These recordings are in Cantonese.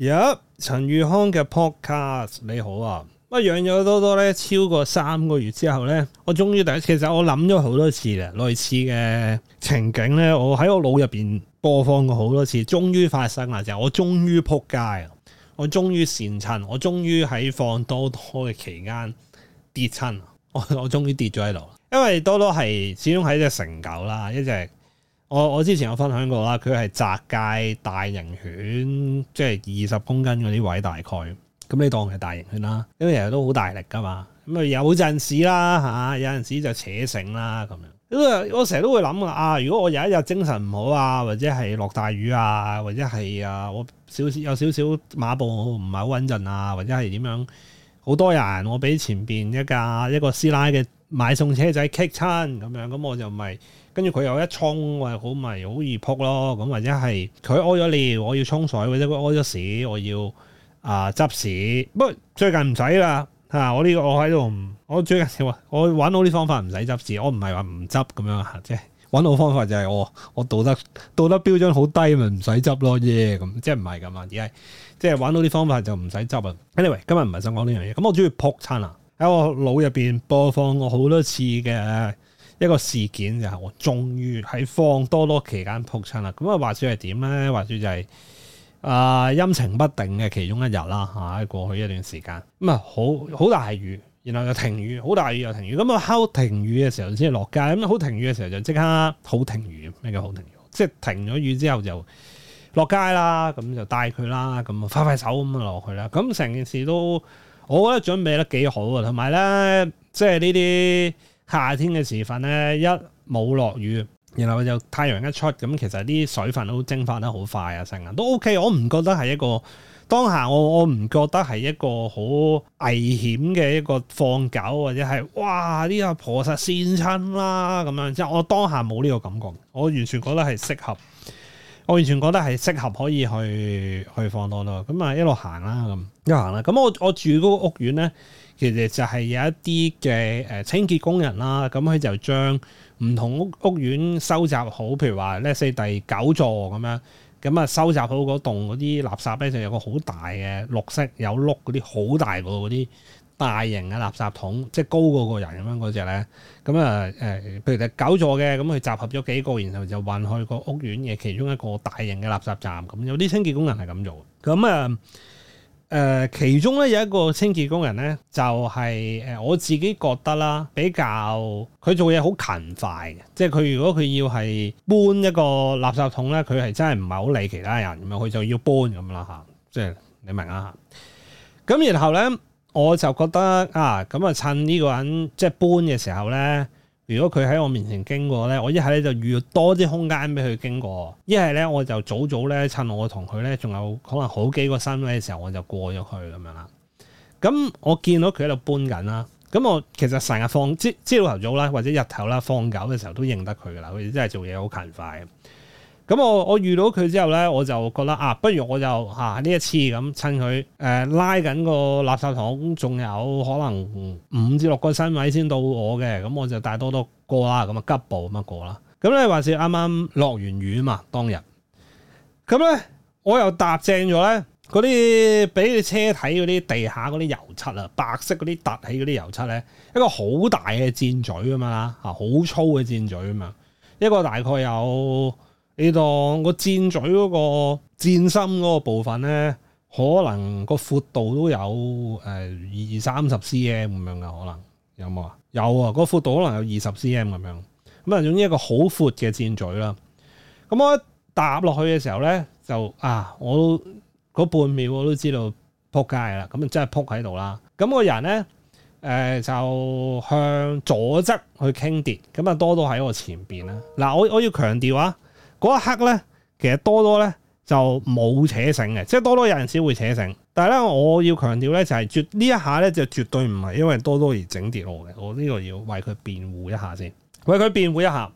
有、yeah, 陳宇康嘅 podcast，你好啊！我養咗多多咧，超過三個月之後咧，我終於第一次，其實我諗咗好多次啦，類似嘅情景咧，我喺我腦入邊播放過好多次，終於發生啦！就係、我終於撲街，我終於善襯，我終於喺放多多嘅期間跌親，我我終於跌咗喺度，因為多多係始終係一隻成狗啦，一隻。我我之前有分享過啦，佢係雜界大型犬，即係二十公斤嗰啲位大概。咁你當係大型犬啦，因為其實都好大力㗎嘛。咁啊有陣時啦嚇，有陣時、啊、有時就扯繩啦咁樣。因為我我成日都會諗啊，如果我有一日精神唔好啊，或者係落大雨啊，或者係啊我少少有少少馬步唔係好穩陣啊，或者係點樣？好多人我俾前邊一架一個師奶嘅買餸車仔 kick 親咁樣，咁我就咪。跟住佢有一沖，喂好咪好易撲咯，咁或者係佢屙咗尿，我要沖水；或者佢屙咗屎，我要啊、呃、執屎。不過最近唔使啦，嚇、啊！我呢個我喺度，我最近我揾到啲方法唔使執屎。我唔係話唔執咁樣嚇，即係玩到方法就係我我道德道德標準、yeah, 好低咪唔使執咯，耶！咁即係唔係噶嘛？而係即係玩到啲方法就唔使執啊。anyway，今日唔係想講呢樣嘢，咁我鍾意撲餐啊！喺我腦入邊播放我好多次嘅。一個事件就係，是，我終於喺放多多期間撲親啦，咁啊，話説係點咧？話説就係，是，啊、呃、陰晴不定嘅其中一日啦，啊過去一段時間，咁、嗯、啊好好大雨，然後又停雨，好大雨又停雨，咁啊，敲停雨嘅時候先落街，咁啊，好停雨嘅時、時候就即刻好停雨，咩叫好停雨？嗯、即係停咗雨之後就落街啦，咁就帶佢啦，咁快快手咁落去啦，咁成件事都我覺得準備得幾好呀，同埋咧即係呢啲。夏天嘅時分咧，一冇落雨，然後就太陽一出，咁其實啲水分都蒸發得好快啊！成日都 OK，我唔覺得係一個當下，我我唔覺得係一個好危險嘅一個放狗，或者係哇呢個婆實先親啦咁樣。即係我當下冇呢個感覺，我完全覺得係適合，我完全覺得係適合可以去去放多咯。咁啊，一路行啦咁，一路行啦。咁我我住嗰個屋苑咧。其實就係有一啲嘅誒清潔工人啦，咁佢就將唔同屋屋苑收集好，譬如話呢四第九座咁樣，咁啊收集好嗰棟嗰啲垃圾咧，就有個好大嘅綠色有碌嗰啲好大個嗰啲大型嘅垃圾桶，即係高過個人咁樣嗰隻咧，咁啊誒，譬如第九座嘅，咁佢集合咗幾個，然後就運去個屋苑嘅其中一個大型嘅垃圾站，咁有啲清潔工人係咁做，咁啊。誒、呃、其中咧有一個清潔工人咧，就係、是、誒、呃、我自己覺得啦，比較佢做嘢好勤快嘅，即係佢如果佢要係搬一個垃圾桶咧，佢係真係唔係好理其他人咁樣，佢就要搬咁啦嚇，即係你明啊？咁然後咧，我就覺得啊，咁啊趁呢個人即係搬嘅時候咧。如果佢喺我面前經過咧，我一係咧就預約多啲空間俾佢經過；一係咧我就早早咧趁我同佢咧仲有可能好幾個身位嘅時候，我就過咗去咁樣啦。咁、嗯、我見到佢喺度搬緊啦，咁、嗯、我其實成日放，朝即係朝頭早啦，或者日頭啦，放狗嘅時候都認得佢噶啦，佢真係做嘢好勤快。咁我我遇到佢之後咧，我就覺得啊，不如我就嚇呢、啊、一次咁趁佢誒、呃、拉緊個垃圾桶，仲有可能五至六個身位先到我嘅，咁我就帶多多過啦，咁啊急步咁啊過啦。咁咧，話說啱啱落完雨嘛，當日。咁、啊、咧，我又搭正咗咧，嗰啲俾你車睇嗰啲地下嗰啲油漆啊，白色嗰啲凸起嗰啲油漆咧、啊，一個好大嘅箭嘴啊嘛，啊好粗嘅箭嘴啊嘛，一個大概有。呢度個箭嘴嗰、嗰個箭心嗰個部分咧，可能個闊度都有誒二三十 cm 咁樣嘅可能，有冇啊？有啊，嗰個闊度可能有二十 cm 咁樣，咁啊用一個好闊嘅箭嘴啦。咁、嗯、我搭落去嘅時候咧，就啊，我都半秒我都知道撲街啦，咁啊真係撲喺度啦。咁、嗯、個人咧誒、呃、就向左側去傾跌，咁啊多多喺我前邊啦。嗱、嗯，我我要強調啊！嗰一刻咧，其實多多咧就冇扯繩嘅，即係多多有陣時會扯繩。但係咧我要強調咧就係絕呢一下咧就絕對唔係因為多多而整跌我嘅，我呢個要為佢辯護一下先，為佢辯護一下。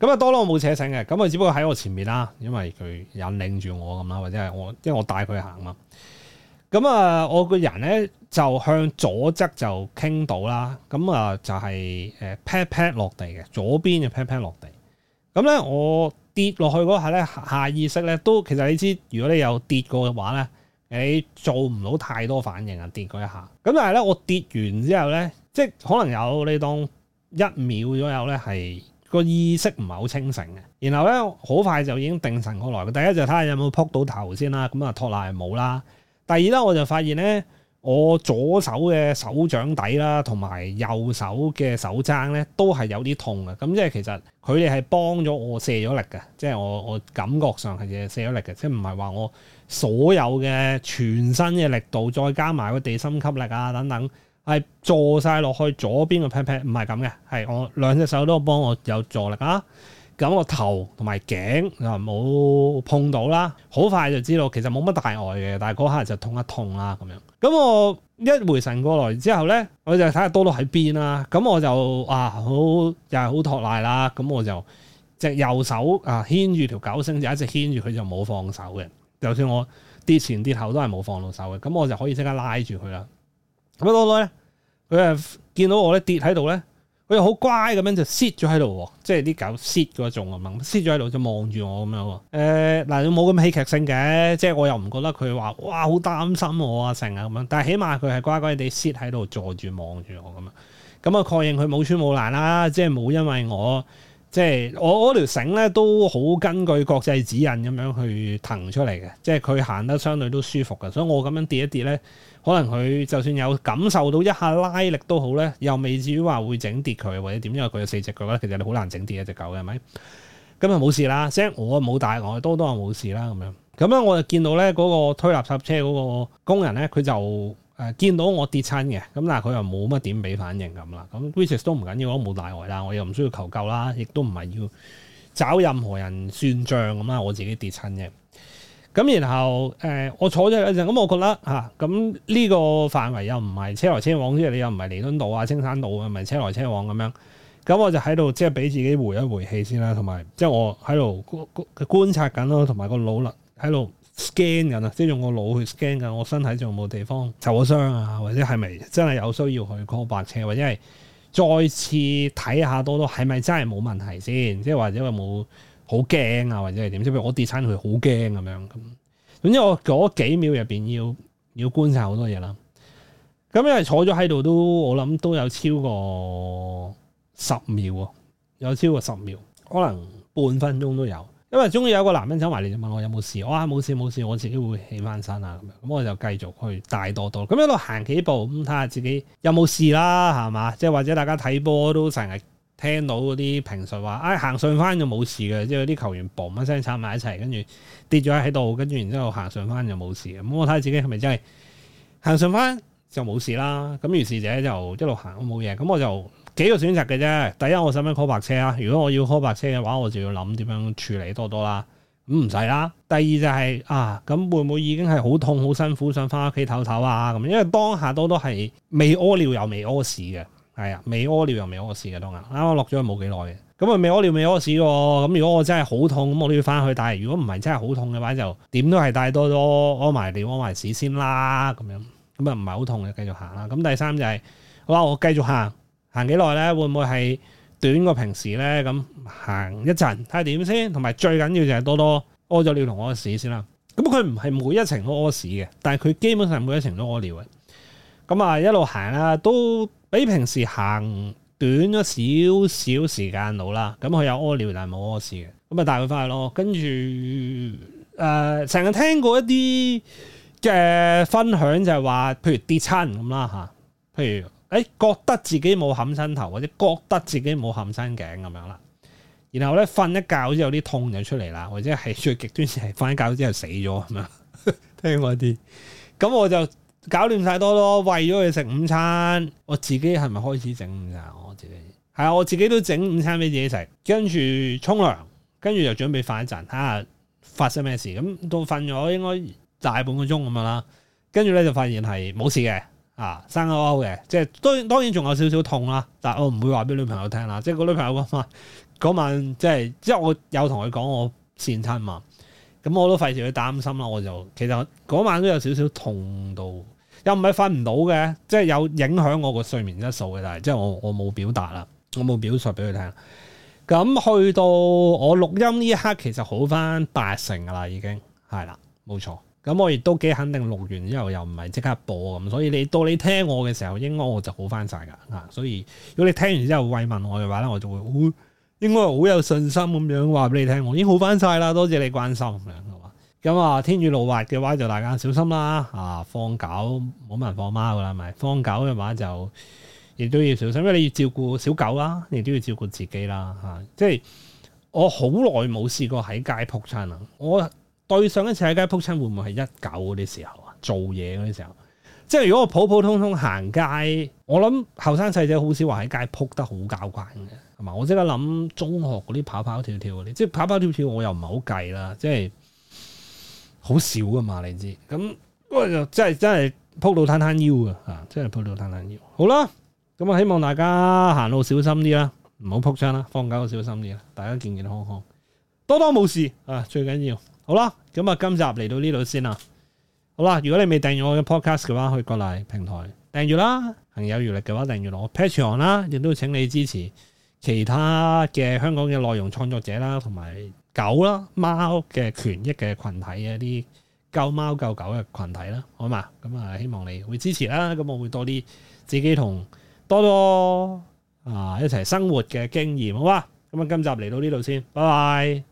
咁啊，多多冇扯繩嘅，咁啊只不過喺我前面啦，因為佢引領住我咁啦，或者係我因為我帶佢行嘛。咁啊，我個人咧就向左側就傾倒啦，咁啊就係誒 pad 落地嘅，左邊嘅 pad pad 落地。咁咧我。跌落去嗰下咧，下意識咧都其實你知，如果你有跌過嘅話咧，你做唔到太多反應啊！跌過一下，咁但係咧，我跌完之後咧，即係可能有你當一秒左右咧，係個意識唔係好清醒嘅。然後咧，好快就已經定神過來嘅。第一就睇下有冇撲到頭先啦，咁啊托賴係冇啦。第二咧，我就發現咧。我左手嘅手掌底啦，同埋右手嘅手踭咧，都係有啲痛嘅。咁、嗯、即係其實佢哋係幫咗我卸咗力嘅，即係我我感覺上係嘅卸咗力嘅，即係唔係話我所有嘅全身嘅力度再加埋個地心吸力啊等等，係坐晒落去左邊個 pat pat，唔係咁嘅，係我兩隻手都幫我有助力啊。咁我頭同埋頸又冇碰到啦、啊，好快就知道其實冇乜大礙嘅，但係嗰刻就痛一痛啦、啊、咁樣。咁我一回神過來之後咧，我就睇下多多喺邊、啊、啦。咁我就啊好又係好托賴啦。咁我就只右手啊牽住條狗繩，牽一隻牽就一直牽住佢就冇放手嘅。就算我跌前跌後都係冇放到手嘅。咁我就可以即刻拉住佢啦。咁多多咧，佢係見到我咧跌喺度咧。佢又好乖咁樣就 sit 咗喺度喎，即係啲狗 sit 嗰種咁 sit 咗喺度就望住我咁樣喎。呃，嗱，你冇咁戲劇性嘅，即係我又唔覺得佢話哇好擔心我啊成啊咁樣，但係起碼佢係乖乖哋 sit 喺度坐住望住我咁樣，咁啊確認佢冇穿冇爛啦，即係冇因為我。即係我我條繩咧都好根據國際指引咁樣去騰出嚟嘅，即係佢行得相對都舒服嘅，所以我咁樣跌一跌咧，可能佢就算有感受到一下拉力都好咧，又未至於話會整跌佢或者點，因為佢有四隻腳咧，其實你好難整跌一隻狗嘅係咪？咁就冇事啦，即係我冇帶，我多多話冇事啦咁樣。咁咧我就見到咧嗰個推垃圾車嗰個工人咧，佢就。誒、啊、見到我跌親嘅，咁但係佢又冇乜點俾反應咁啦。咁 g r 都唔緊要，我冇大礙啦，我又唔需要求救啦，亦都唔係要找任何人算賬咁啦，我自己跌親嘅。咁、啊、然後誒、呃，我坐咗一陣，咁、嗯、我覺得嚇，咁、啊、呢、嗯這個範圍又唔係車來車往，即係你又唔係彌敦道啊、青山道啊，唔係車來車往咁樣。咁我就喺度即係俾自己回一回氣先啦，同埋即係我喺度觀察緊咯，同埋個腦力喺度。scan 噶啦，即係用個腦去 scan 噶，我身體仲冇地方受咗傷啊，或者係咪真係有需要去 call 白車，或者係再次睇下多多係咪真係冇問題先，即係或者有冇好驚啊，或者係點？即係譬如我跌親佢好驚咁樣咁，總之我嗰幾秒入邊要要觀察好多嘢啦。咁因為坐咗喺度都，我諗都有超過十秒啊，有超過十秒，可能半分鐘都有。因為終於有個男人走埋嚟就問我有冇事，我話冇事冇事，我自己會起翻身啦咁樣，咁我就繼續去帶多多，咁一路行幾步，咁睇下自己有冇事啦，係嘛？即係或者大家睇波都成日聽到嗰啲評述話，唉、哎、行順翻就冇事嘅，即係啲球員嘣一聲插埋一齊，跟住跌咗喺度，跟住然之後行順翻就冇事嘅，咁我睇下自己係咪真係行順翻就冇事啦，咁如是者就一路行，冇嘢，咁我就。幾個選擇嘅啫，第一我想唔想 call 白車啊？如果我要 call 白車嘅話，我就要諗點樣處理多多啦。咁唔使啦。第二就係啊，咁會唔會已經係好痛好辛苦，想翻屋企唞唞啊？咁因為當下多多係未屙尿又未屙屎嘅，係啊，未屙尿又未屙屎嘅當日，啱啱落咗去冇幾耐嘅，咁啊未屙尿未屙屎喎。咁如果我真係好痛，咁我都要翻去。但如果唔係真係好痛嘅話，就點都係帶多多屙埋尿屙埋屎先啦。咁樣，咁啊唔係好痛嘅繼續行啦。咁第三就係好啦，我繼續行。行幾耐咧？會唔會係短過平時咧？咁行一陣睇下點先。同埋最緊要就係多多屙咗尿同屙屎先啦。咁佢唔係每一程都屙屎嘅，但係佢基本上每一程都屙尿嘅。咁、嗯、啊一路行啦，都比平時行短咗少少時間到啦。咁佢有屙尿但係冇屙屎嘅。咁、嗯、啊帶佢翻去咯。跟住誒，成、呃、日聽過一啲嘅分享就係話，譬如跌親咁啦吓，譬如。哎，覺得自己冇冚身頭，或者覺得自己冇冚身頸咁樣啦。然後咧瞓一覺之後，好似啲痛就出嚟啦，或者係最極端先係瞓一覺之後死咗咁樣。 聽我啲，咁我就搞亂晒。多咯。餵咗佢食午餐，我自己係咪開始整午餐？我自己係啊，我自己都整午餐俾自己食。跟住沖涼，跟住就準備瞓一陣，睇下發生咩事。咁到瞓咗應該大半個鐘咁樣啦。跟住咧就發現係冇事嘅。啊，生勾勾嘅，即係當然當然仲有少少痛啦，但係我唔會話俾女朋友聽啦，即係個女朋友嗰晚嗰晚即係，即係我有同佢講我跣親嘛，咁我都費事佢擔心啦，我就其實嗰晚都有少少痛到，又唔係瞓唔到嘅，即係有影響我個睡眠質素嘅，但係即係我我冇表達啦，我冇表、表述俾佢聽，咁去到我錄音呢一刻，其實好翻八成噶啦，已經係啦，冇錯。咁我亦都幾肯定錄完之後又唔係即刻播咁，所以你到你聽我嘅時候，應該我就好翻晒噶。啊，所以如果你聽完之後慰問我嘅話咧，我就會好，應該好有信心咁樣話俾你聽。我已經好翻晒啦，多謝你關心咁樣。咁啊，天雨路滑嘅話就大家小心啦。啊，放狗冇人放貓噶啦，咪、啊、放狗嘅話就亦都要小心，因為你要照顧小狗啦，亦都要照顧自己啦。啊，即係我好耐冇試過喺街撲親啦，我。對上一次喺街撲親會唔會係一九嗰啲時候啊？做嘢嗰啲時候，即係如果我普普通通行街，我諗後生細仔好少話喺街撲得好交關嘅，係嘛？我即刻諗中學嗰啲跑跑跳跳嗰啲，即係跑跑跳跳，我又唔係好計啦，即係好少㗎嘛，你知？咁不過就真係真係撲到攤攤腰啊！嚇，真係撲到攤攤腰。好啦，咁我希望大家行路小心啲啦，唔好撲親啦，放假小心啲啦，大家健健康康，多多冇事啊！最緊要。好啦，咁啊，今集嚟到呢度先啦。好啦，如果你未訂閱我嘅 Podcast 嘅話，去各大平台訂閱啦。行有餘力嘅話，訂閱我 Patreon 啦，亦都要請你支持其他嘅香港嘅內容創作者啦，同埋狗啦、貓嘅權益嘅群體嘅一啲救貓救狗嘅群體啦，好嘛？咁、嗯、啊，希望你會支持啦。咁、嗯、我會多啲自己同多多啊一齊生活嘅經驗，好啊。咁啊，今集嚟到呢度先，拜拜。